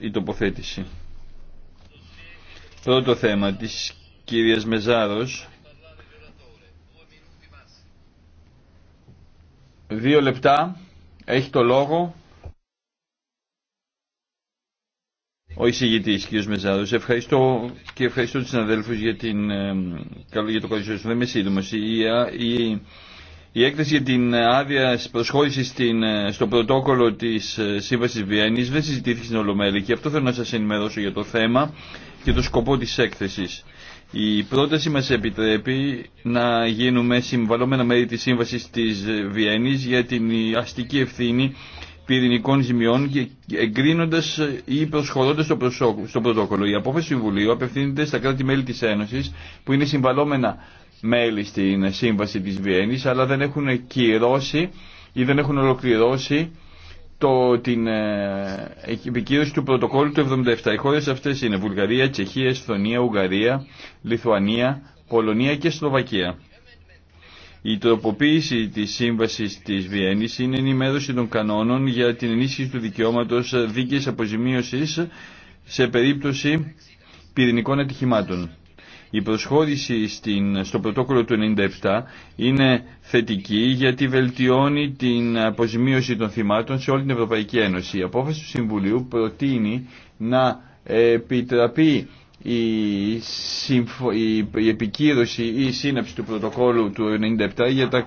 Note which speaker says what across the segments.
Speaker 1: η τοποθέτηση. Πρώτο θέμα της κυρίας Μεζάρος. Δύο λεπτά. Έχει το λόγο ο εισηγητής κύριος Μεζάρος. Ευχαριστώ και ευχαριστώ τους συναδέλφους για, την, ε, για το καλή Δεν είμαι σύντομος. Η, η, η έκθεση για την άδεια προσχώρηση ε, στο πρωτόκολλο τη ε, Σύμβαση Βιέννη δεν συζητήθηκε στην Ολομέλη και αυτό θέλω να σα ενημερώσω για το θέμα και το σκοπό τη έκθεση. Η πρόταση μα επιτρέπει να γίνουμε συμβαλόμενα μέρη τη Σύμβαση τη Βιέννη για την αστική ευθύνη πυρηνικών ζημιών και εγκρίνοντα ή προσχωρώντα στο, πρωτόκολλο. Η απόφαση του Συμβουλίου απευθύνεται στα κράτη-μέλη τη Ένωση που είναι συμβαλόμενα μέλη στην Σύμβαση της Βιέννης, αλλά δεν έχουν κυρώσει ή δεν έχουν ολοκληρώσει το, την ε, επικύρωση του πρωτοκόλλου του 77. Οι χώρες αυτές είναι Βουλγαρία, Τσεχία, Εσθονία, Ουγγαρία, Λιθουανία, Πολωνία και Σλοβακία. Η τροποποίηση της Σύμβασης της Βιέννης είναι η ενημέρωση των κανόνων για την ενίσχυση του δικαιώματος δίκαιης αποζημίωσης σε περίπτωση πυρηνικών ατυχημάτων. Η προσχώρηση στην, στο πρωτόκολλο του 1997 είναι θετική γιατί βελτιώνει την αποζημίωση των θυμάτων σε όλη την Ευρωπαϊκή Ένωση. Η απόφαση του Συμβουλίου προτείνει να επιτραπεί η, επικύρωση ή η σύναψη του πρωτοκόλλου του 1997 για τα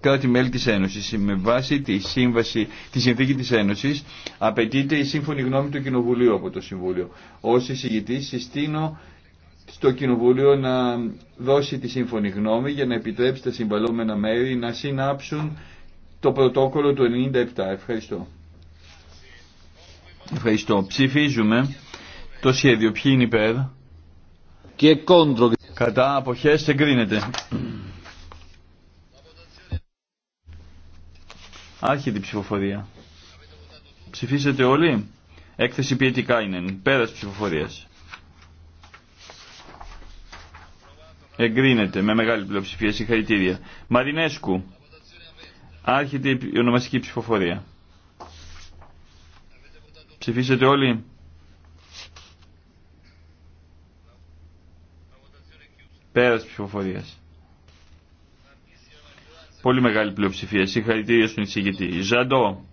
Speaker 1: κράτη-μέλη της Ένωσης. Με βάση τη, σύμβαση, τη συνθήκη της Ένωσης απαιτείται η σύμφωνη γνώμη του Κοινοβουλίου από το Συμβούλιο. Ως εισηγητής συστήνω το Κοινοβούλιο να δώσει τη σύμφωνη γνώμη για να επιτρέψει τα συμβαλόμενα μέρη να συνάψουν το πρωτόκολλο του 97. Ευχαριστώ. Ευχαριστώ. Ψηφίζουμε το σχέδιο. Ποιοι είναι υπέρ. Και κόντρο. Κατά αποχές εγκρίνεται. Άρχεται η ψηφοφορία. Ψηφίσετε όλοι. Έκθεση ποιητικά είναι. Πέρας ψηφοφορίας. Εγκρίνεται με μεγάλη πλειοψηφία. Συγχαρητήρια. Μαρινέσκου. Άρχεται η ονομαστική ψηφοφορία. Ψηφίσετε όλοι. Πέρας ψηφοφορίας. Πολύ μεγάλη πλειοψηφία. Συγχαρητήρια στον εισηγητή. Ζαντό.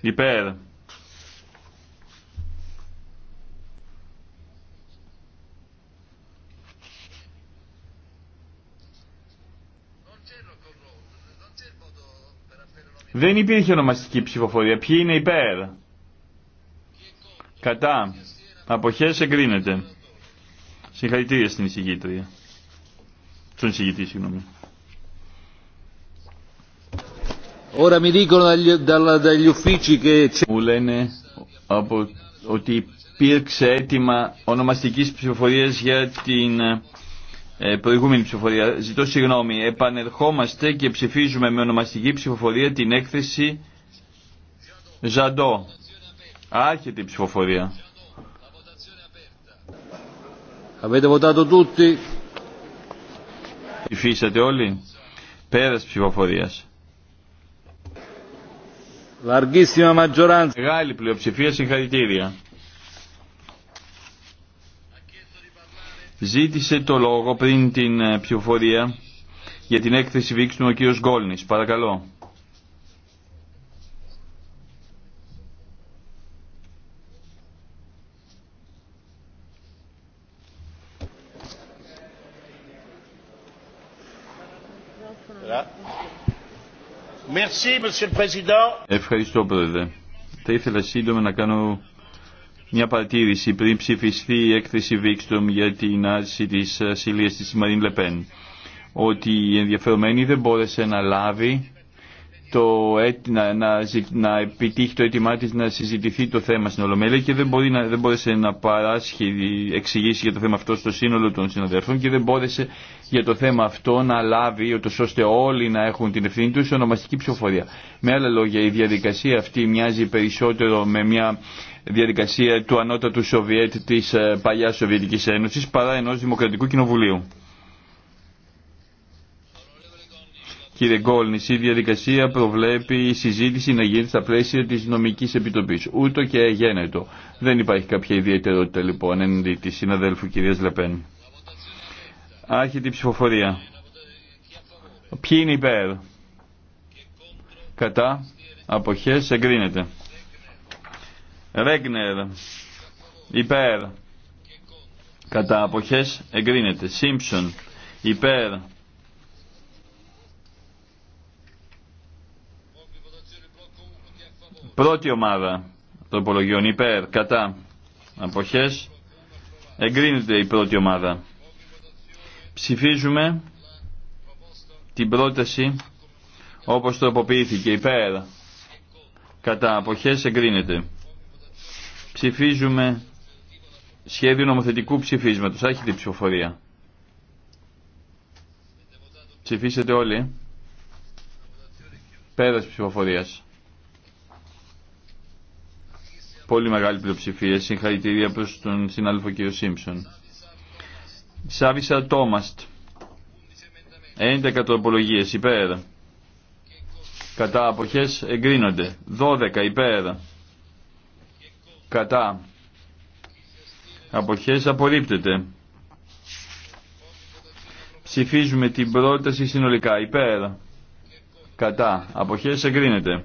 Speaker 1: Υπέρ. Δεν υπήρχε ονομαστική ψηφοφορία. Ποιοι είναι υπέρ. Κατά. Αποχές εγκρίνεται. Συγχαρητήρια στην εισηγήτρια. Στον εισηγητή, συγγνώμη. Μου λένε από, ότι υπήρξε αίτημα ονομαστικής ψηφοφορίας για την ε, προηγούμενη ψηφοφορία. Ζητώ συγγνώμη. Επανερχόμαστε και ψηφίζουμε με ονομαστική ψηφοφορία την έκθεση Ζαντό. Άρχεται η ψηφοφορία. Avete votato tutti? Ψηφίσατε όλοι. Πέρας ψηφοφορίας. Μεγάλη πλειοψηφία συγχαρητήρια. ζήτησε το λόγο πριν την ε, ψηφοφορία για την έκθεση Βίξνου ο κύριος Γκόλνης. Παρακαλώ. Ευχαριστώ, Πρόεδρε. Θα ήθελα σύντομα να κάνω μια παρατήρηση πριν ψηφιστεί η έκθεση Βίξτρομ για την άρση της ασυλίας ε, της Μαρίν Λεπέν ότι η ενδιαφερομένη δεν μπόρεσε να λάβει το, να, να, να επιτύχει το αίτημά της να συζητηθεί το θέμα στην Ολομέλεια και δεν, μπορεί να, δεν μπόρεσε να παράσχει εξηγήσει για το θέμα αυτό στο σύνολο των συναδέλφων και δεν μπόρεσε για το θέμα αυτό να λάβει ώστε όλοι να έχουν την ευθύνη τους ονομαστική ψηφοφορία. Με άλλα λόγια η διαδικασία αυτή μοιάζει περισσότερο με μια διαδικασία του ανώτατου Σοβιέτ της ε, παλιάς Σοβιετικής Ένωσης παρά ενός Δημοκρατικού Κοινοβουλίου. Κύριε Γκόλνης, η διαδικασία προβλέπει η συζήτηση να γίνει στα πλαίσια της νομικής επιτροπής. Ούτω και γένετο. Δεν υπάρχει κάποια ιδιαιτερότητα λοιπόν εναντί της συναδέλφου κυρίας Λεπέν. Άρχεται η ψηφοφορία. Ποιοι είναι υπέρ. Κατά. Αποχές εγκρίνεται. Ρέγνερ. Υπέρ. Κατά αποχές εγκρίνεται. Σίμψον. Υπέρ. Πρώτη ομάδα τροπολογιών υπέρ, κατά, αποχές, εγκρίνεται η πρώτη ομάδα. Ψηφίζουμε την πρόταση όπως τροποποιήθηκε υπέρ, κατά, αποχές, εγκρίνεται. Ψηφίζουμε σχέδιο νομοθετικού ψηφίσματος. Έχει την ψηφοφορία. Ψηφίσετε όλοι. Πέρας ψηφοφορίας. Πολύ μεγάλη πλειοψηφία. Συγχαρητήρια προς τον συνάδελφο κ. Σίμψον. Σάβισα Τόμαστ. 11 τροπολογίες υπέρ. Κατά αποχές εγκρίνονται. 12 υπέρ κατά αποχές απορρίπτεται. Ψηφίζουμε την πρόταση συνολικά υπέρ κατά αποχές εγκρίνεται.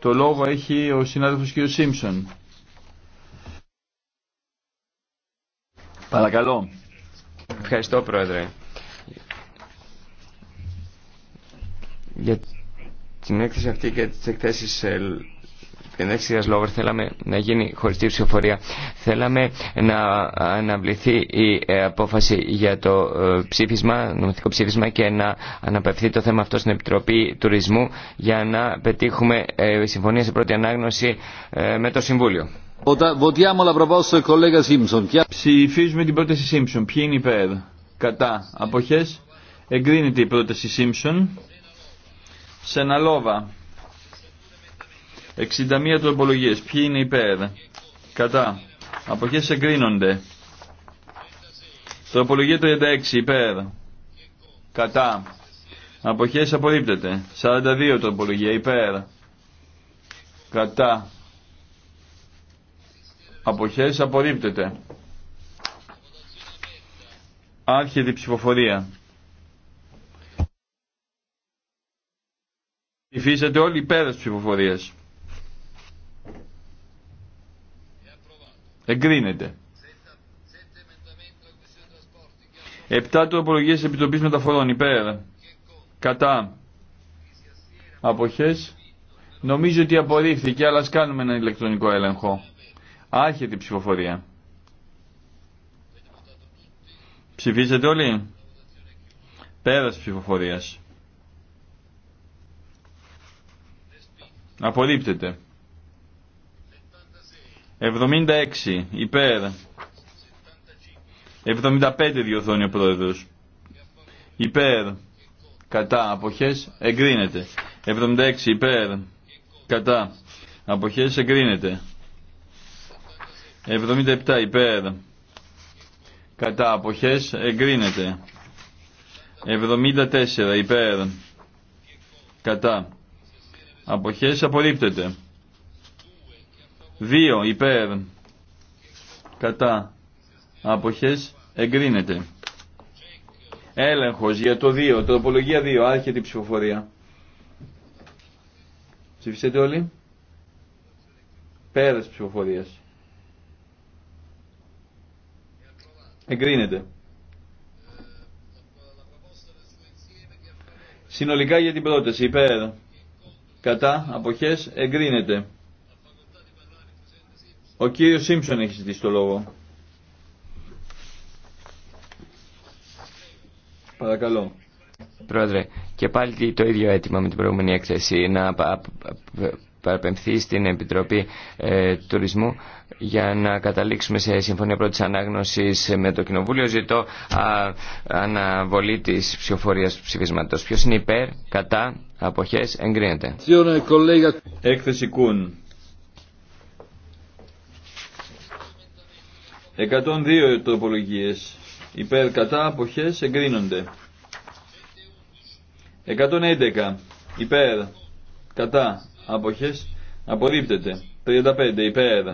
Speaker 1: Το λόγο έχει ο συνάδελφος κ. Σίμψον. Παρακαλώ. Ευχαριστώ Πρόεδρε.
Speaker 2: Για την έκθεση αυτή και τις εκθέσεις ε, Εντάξει, Λόβερ, θέλαμε να γίνει χωριστή ψηφοφορία. Θέλαμε να αναβληθεί η ε, απόφαση για το ε, ψήφισμα, νομοθετικό ψήφισμα και να αναπευθεί το θέμα αυτό στην Επιτροπή Τουρισμού για να πετύχουμε ε, συμφωνία σε πρώτη ανάγνωση με το Συμβούλιο.
Speaker 1: Ψηφίζουμε την πρόταση Σίμψον. Ποιοι είναι υπέρ, κατά, αποχές. Εγκρίνεται η πρόταση Σίμψον. λόγο. 61 τροπολογίες. Ποιοι είναι υπέρ. Κατά. Αποχές εγκρίνονται. Τροπολογία 36 υπέρ. Κατά. Αποχές απορρίπτεται. 42 τροπολογία υπέρ. Κατά. Αποχές απορρίπτεται. Άρχεται ψηφοφορία. Υφίσατε όλοι υπέρ της ψηφοφορίας. Εγκρίνεται. Επτά απολογίες Επιτροπής Μεταφορών υπέρ. Κατά. Αποχές. Νομίζω ότι απορρίφθηκε, αλλά ας κάνουμε έναν ηλεκτρονικό έλεγχο. Άρχεται η ψηφοφορία. Ψηφίσατε όλοι. Πέρας ψηφοφορίας. Απορρίπτεται. 76 υπέρ. 75 διορθώνει ο πρόεδρος. Υπέρ. Κατά αποχές εγκρίνεται. 76 υπέρ. Κατά αποχές εγκρίνεται. 77 υπέρ. Κατά αποχές εγκρίνεται. 74 υπέρ. Κατά. Αποχές απορρίπτεται. Δύο υπέρ κατά αποχές εγκρίνεται. Έλεγχος για το 2, τροπολογία 2, άρχεται η ψηφοφορία. Ψηφίσετε όλοι. Πέρας ψηφοφορίας. Εγκρίνεται. Συνολικά για την πρόταση υπέρ κατά αποχές εγκρίνεται. Ο κύριος Σίμψον έχει ζητήσει το λόγο. Παρακαλώ.
Speaker 2: Πρόεδρε, και πάλι το ίδιο αίτημα με την προηγούμενη έκθεση να παραπεμφθεί στην Επιτροπή ε, Τουρισμού για να καταλήξουμε σε συμφωνία πρώτης ανάγνωσης με το Κοινοβούλιο. Ζητώ αναβολή της ψηφοφορίας του ψηφίσματος. Ποιος είναι υπέρ, κατά, αποχές, εγκρίνεται.
Speaker 1: Έκθεση Κούν. 102 τροπολογίες. Υπέρ κατά αποχές εγκρίνονται. 111. Υπέρ κατά αποχές απορρίπτεται. 35. Υπέρ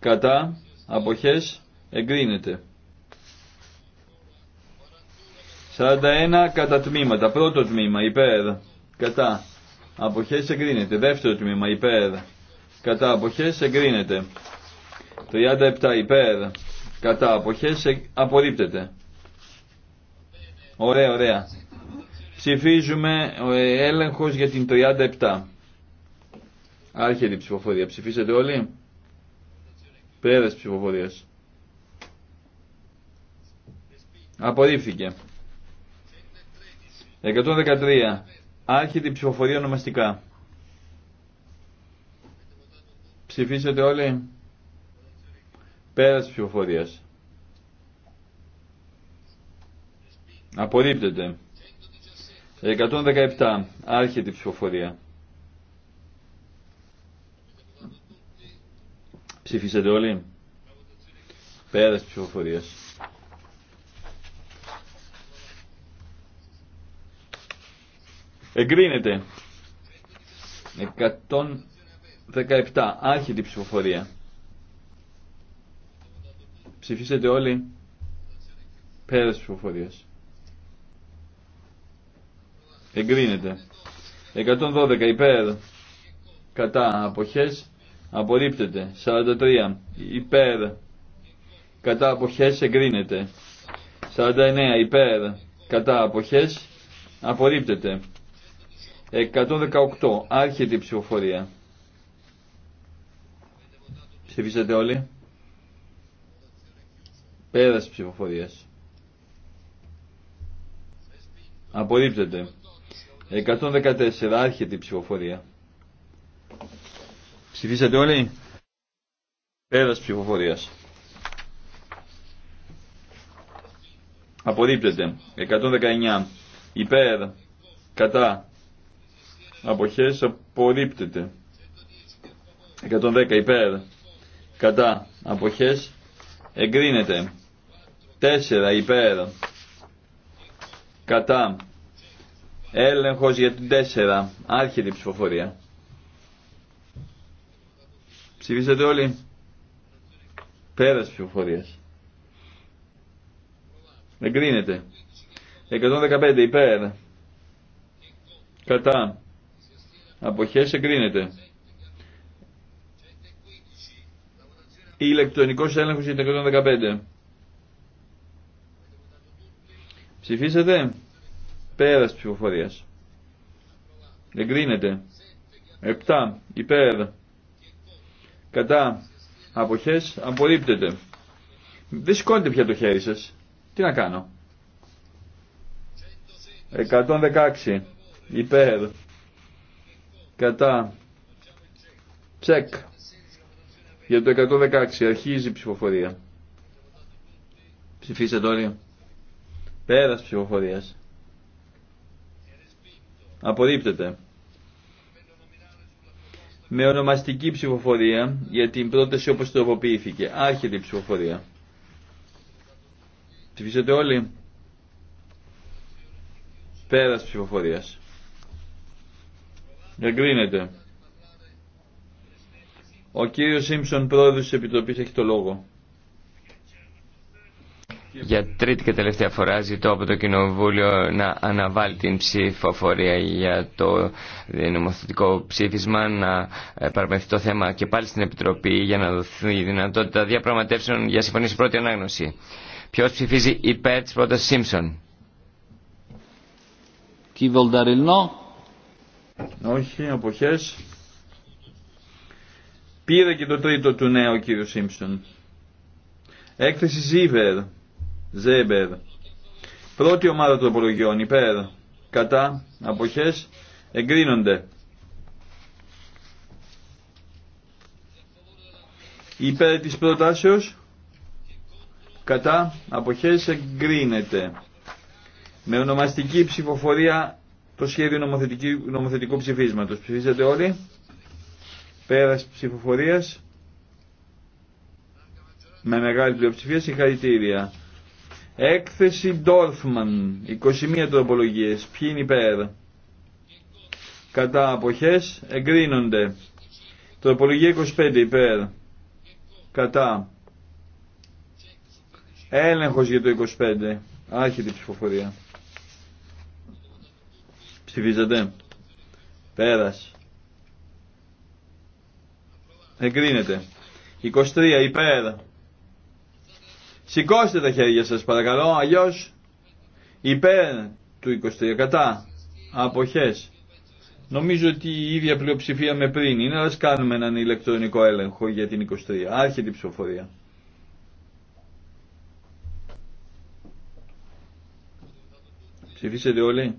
Speaker 1: κατά αποχές εγκρίνεται. 41 κατά τμήματα. Πρώτο τμήμα υπέρ κατά αποχές εγκρίνεται. Δεύτερο τμήμα υπέρ κατά αποχές εγκρίνεται. 37 υπέρ κατά αποχές ε, απορρίπτεται. Ωραία, ωραία. Ψηφίζουμε ο ε, έλεγχος για την 37. Άρχεται η ψηφοφορία. Ψηφίσατε όλοι. Πέρας ψηφοφορίας. Απορρίφθηκε. 113. Άρχεται η ψηφοφορία ονομαστικά. Ψηφίσατε όλοι. Πέρα της ψηφοφορία. Απορρίπτεται. 117. Άρχεται η ψηφοφορία. Ψηφίσατε όλοι. Πέρα ψηφοφορία. Εγκρίνεται. 117. Άρχεται η ψηφοφορία ψηφίσετε όλοι πέρα της ψηφοφορίας. Εγκρίνεται. 112 υπέρ κατά αποχές απορρίπτεται. 43 υπέρ κατά αποχές εγκρίνεται. 49 υπέρ κατά αποχές απορρίπτεται. 118 άρχεται η ψηφοφορία. Ψηφίσατε όλοι. Πέρας ψηφοφορίας. Απορρίπτεται. 114. Άρχεται η ψηφοφορία. Ψηφίσατε όλοι. Πέρας ψηφοφορίας. Απορρίπτεται. 119. Υπέρ. Κατά. Αποχές. Απορρίπτεται. 110. Υπέρ. Κατά. Αποχές. Εγκρίνεται. 4 υπέρ. Κατά. Έλεγχος για την 4. Άρχεται η ψηφοφορία. Ψηφίσατε όλοι. Πέρας ψηφοφορίας. Εγκρίνεται. 115 υπέρ. Κατά. Αποχές εγκρίνεται. Ηλεκτρονικός έλεγχος για την 115. Ψηφίσατε. Πέρας ψηφοφορίας. Εγκρίνεται. Επτά, Υπέρ. Κατά. Αποχές. Απορρίπτεται. Δεν σηκώνετε πια το χέρι σας. Τι να κάνω. 116. Υπέρ. Κατά. Τσεκ. Για το 116 αρχίζει η ψηφοφορία. Ψηφίσατε όλοι. Πέρας ψηφοφορίας. Απορρίπτεται. Με ονομαστική ψηφοφορία για την πρόταση όπως τροποποιήθηκε. Άρχεται η ψηφοφορία. Ψηφίσατε όλοι. Πέρας ψηφοφορίας. Εγκρίνεται. Ο κύριος Σίμψον πρόεδρος της Επιτροπής έχει το λόγο.
Speaker 2: Για τρίτη και τελευταία φορά ζητώ από το Κοινοβούλιο να αναβάλει την ψηφοφορία για το νομοθετικό ψήφισμα, να ε, παραμεθεί το θέμα και πάλι στην Επιτροπή για να δοθεί η δυνατότητα διαπραγματεύσεων για συμφωνία πρώτη ανάγνωση. Ποιο ψηφίζει υπέρ τη πρόταση Σίμψον.
Speaker 1: Όχι, αποχές. Πήρε και το τρίτο του νέου κύριο Σίμψον. Έκθεση Ζίβερ. Ζέμπερ. Πρώτη ομάδα τροπολογιών υπέρ κατά αποχές εγκρίνονται. Υπέρ της προτάσεως κατά αποχές εγκρίνεται. Με ονομαστική ψηφοφορία το σχέδιο νομοθετικού, ψηφίσματος. Ψηφίζετε όλοι. Πέρας ψηφοφορίας. Με μεγάλη πλειοψηφία συγχαρητήρια. Έκθεση Ντόρφμαν, 21 τροπολογίες. Ποιοι είναι υπέρ. Κατά αποχές εγκρίνονται. Τροπολογία 25 υπέρ. Κατά. Έλεγχος για το 25. Άρχεται ψηφοφορία. Ψηφίζατε. Πέρας. Εγκρίνεται. 23 υπέρ. Σηκώστε τα χέρια σας παρακαλώ, αλλιώς υπέρ του 23 κατά αποχές. Νομίζω ότι η ίδια πλειοψηφία με πριν είναι, αλλά κάνουμε έναν ηλεκτρονικό έλεγχο για την 23. Άρχεται η ψηφοφορία. Ψηφίσετε όλοι.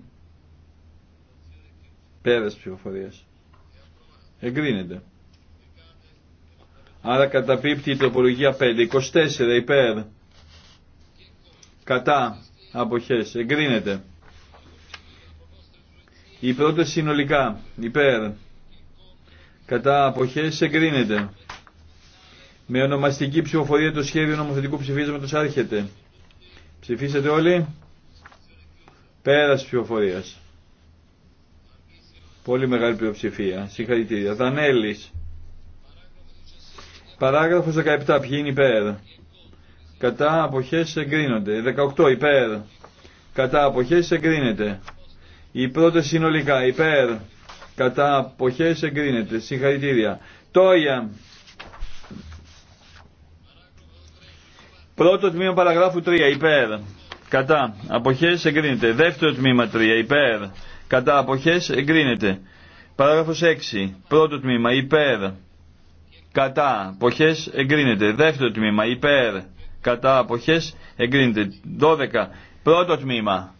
Speaker 1: Πέρας ψηφοφορίας. Εγκρίνεται. Άρα καταπίπτει η τροπολογία 5. 24 υπέρ κατά αποχές εγκρίνεται. Η πρόταση συνολικά υπέρ κατά αποχές εγκρίνεται. Με ονομαστική ψηφοφορία το σχέδιο νομοθετικού ψηφίσματος άρχεται. Ψηφίσατε όλοι. Πέρας ψηφοφορίας. Πολύ μεγάλη πλειοψηφία. Συγχαρητήρια. Δανέλης. Παράγραφος 17. Ποιοι είναι υπέρ κατά αποχές εγκρίνονται. 18 υπέρ, κατά αποχές εγκρίνεται. Η πρώτη συνολικά υπέρ, κατά αποχές εγκρίνεται. Συγχαρητήρια. Τόια. Πρώτο τμήμα παραγράφου 3 υπέρ, κατά αποχές εγκρίνεται. Δεύτερο τμήμα 3 υπέρ, κατά αποχές εγκρίνεται. Παράγραφος 6. Πρώτο τμήμα υπέρ. Κατά. αποχές εγκρίνεται. Δεύτερο τμήμα υπέρ κατά αποχές εγκρίνεται. 12. Πρώτο τμήμα.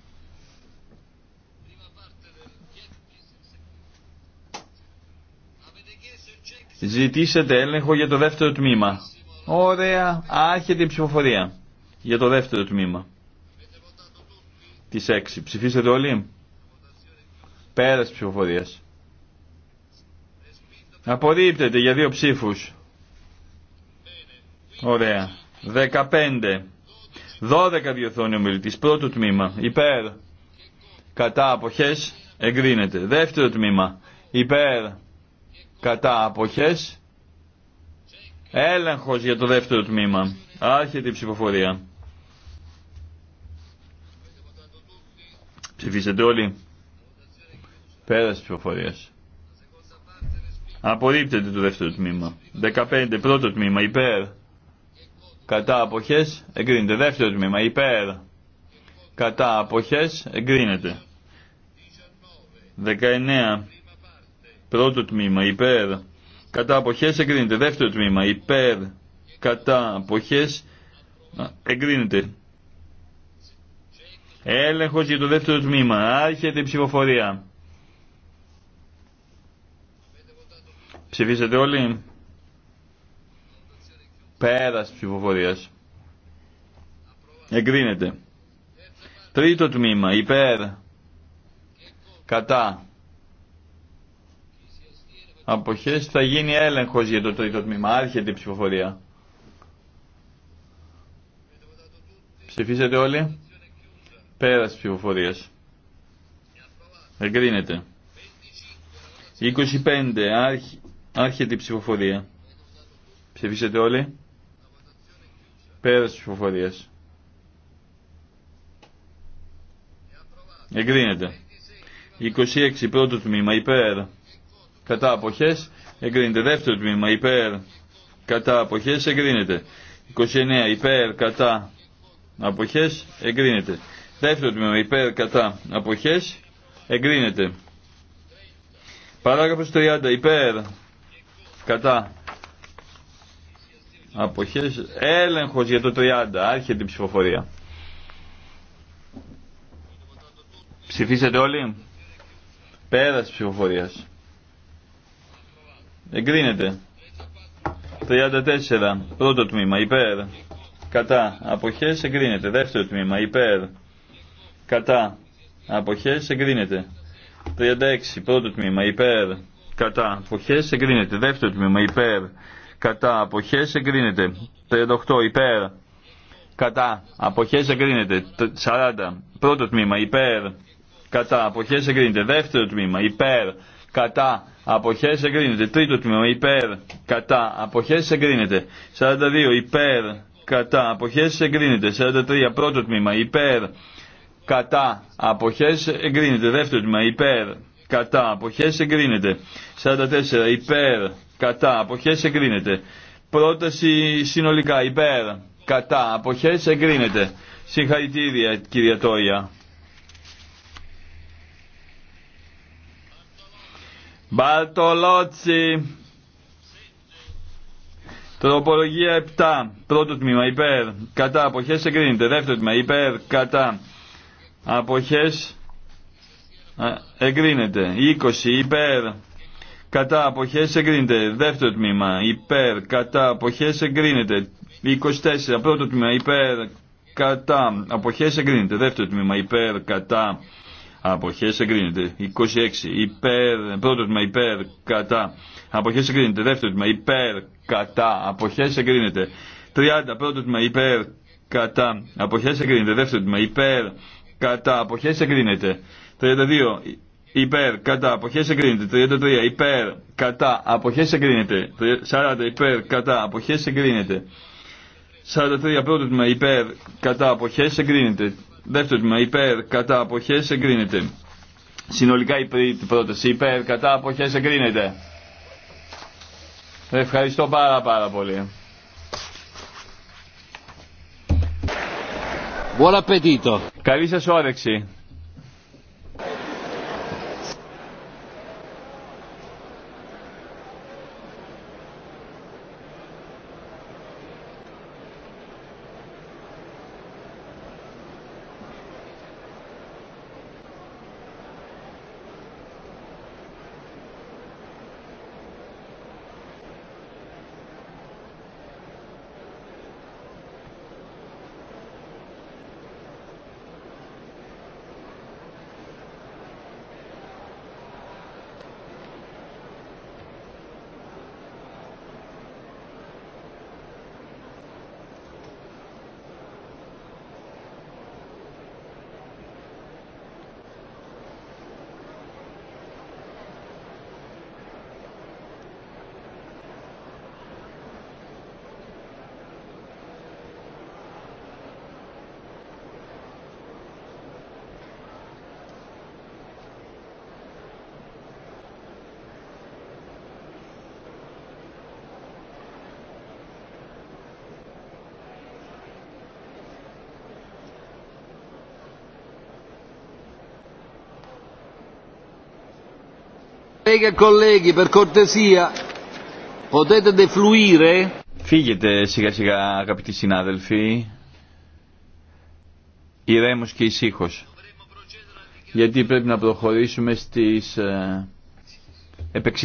Speaker 1: Ζητήσετε έλεγχο για το δεύτερο τμήμα. Ωραία. Άρχεται η ψηφοφορία για το δεύτερο τμήμα. Τις 6. Ψηφίσετε όλοι. Πέρας ψηφοφορίας. Απορρίπτεται για δύο ψήφους. Ωραία. 15. 12 διορθώνει ο μιλητή. Πρώτο τμήμα. Υπέρ. Κατά αποχές. Εγκρίνεται. Δεύτερο τμήμα. Υπέρ. Κατά αποχές. Έλεγχο για το δεύτερο τμήμα. Άρχεται η ψηφοφορία. Ψηφίσετε όλοι. Πέρας ψηφοφορία. Απορρίπτεται το δεύτερο τμήμα. 15. Πρώτο τμήμα. Υπέρ κατά αποχές εγκρίνεται. Δεύτερο τμήμα υπέρ κατά αποχές εγκρίνεται. 19. Πρώτο τμήμα υπέρ κατά αποχές εγκρίνεται. Δεύτερο τμήμα υπέρ κατά αποχές εγκρίνεται. Έλεγχος για το δεύτερο τμήμα. Άρχεται η ψηφοφορία. Ψηφίσατε όλοι. Πέρας ψηφοφορία. Εγκρίνεται. Τρίτο τμήμα. Υπέρ. Κατά. Αποχές θα γίνει έλεγχος για το τρίτο τμήμα. Άρχεται η ψηφοφορία. Ψηφίσατε όλοι. Πέρας ψηφοφορίας. Εγκρίνεται. 25. Άρχεται η ψηφοφορία. Ψηφίσατε όλοι. Πέρα τη ψηφοφορία. Εγκρίνεται. 26 πρώτο τμήμα υπέρ. Κατά αποχές εγκρίνεται. Δεύτερο τμήμα υπέρ. Κατά αποχές εγκρίνεται. 29 υπέρ κατά αποχές εγκρίνεται. Δεύτερο τμήμα υπέρ κατά αποχές εγκρίνεται. Παράγραφος 30 υπέρ κατά αποχές έλεγχος για το 30 άρχεται η ψηφοφορία ψηφίσατε όλοι πέρας ψηφοφορίας εγκρίνεται 34 πρώτο τμήμα υπέρ κατά αποχές εγκρίνεται δεύτερο τμήμα υπέρ κατά αποχές εγκρίνεται 36 πρώτο τμήμα υπέρ κατά αποχές εγκρίνεται δεύτερο τμήμα υπέρ κατά αποχές εγκρίνεται 38 υπέρ κατά αποχές εγκρίνεται 40 πρώτο τμήμα υπέρ κατά αποχές εγκρίνεται δεύτερο τμήμα υπέρ κατά αποχές εγκρίνεται τρίτο τμήμα υπέρ κατά αποχές εγκρίνεται 42 υπέρ κατά αποχές εγκρίνεται 43 πρώτο τμήμα υπέρ κατά αποχές εγκρίνεται δεύτερο τμήμα υπέρ κατά αποχές εγκρίνεται 44 υπέρ κατά, αποχές εγκρίνεται. Πρόταση συνολικά υπέρ, κατά, αποχές εγκρίνεται. Συγχαρητήρια κυρία Τόια. Μπαρτολότσι. Τροπολογία 7. Πρώτο τμήμα υπέρ. Κατά. Αποχές εγκρίνεται. Δεύτερο τμήμα υπέρ. Κατά. Αποχές εγκρίνεται. 20 υπέρ κατά αποχές εγκρίνεται. Δεύτερο τμήμα υπέρ κατά αποχές εγκρίνεται. 24 πρώτο τμήμα υπέρ κατά αποχές εγκρίνεται. Δεύτερο τμήμα υπέρ κατά αποχές εγκρίνεται. 26 υπέρ πρώτο τμήμα υπέρ κατά αποχές εγκρίνεται. Δεύτερο τμήμα υπέρ κατά αποχές εγκρίνεται. 30 πρώτο τμήμα υπέρ κατά αποχές εγκρίνεται. Δεύτερο τμήμα υπέρ κατά αποχές εγκρίνεται. 32 υπέρ, κατά, αποχές εγκρίνεται, 33, υπέρ, κατά, αποχές εγκρίνεται, 40, υπέρ, κατά, αποχές εγκρίνεται, 43, πρώτο τμήμα, υπέρ, κατά, αποχές εγκρίνεται, δεύτερο τμήμα, υπέρ, κατά, αποχές εγκρίνεται, συνολικά η πρόταση, υπέρ, κατά, αποχές εγκρίνεται. Ευχαριστώ πάρα πάρα πολύ. Buon appetito. Καλή σας όρεξη. E Φύγετε σιγά σιγά αγαπητοί συνάδελφοι, ηρέμος και ησύχος, γιατί πρέπει να προχωρήσουμε στις ε, επεξηγήσεις.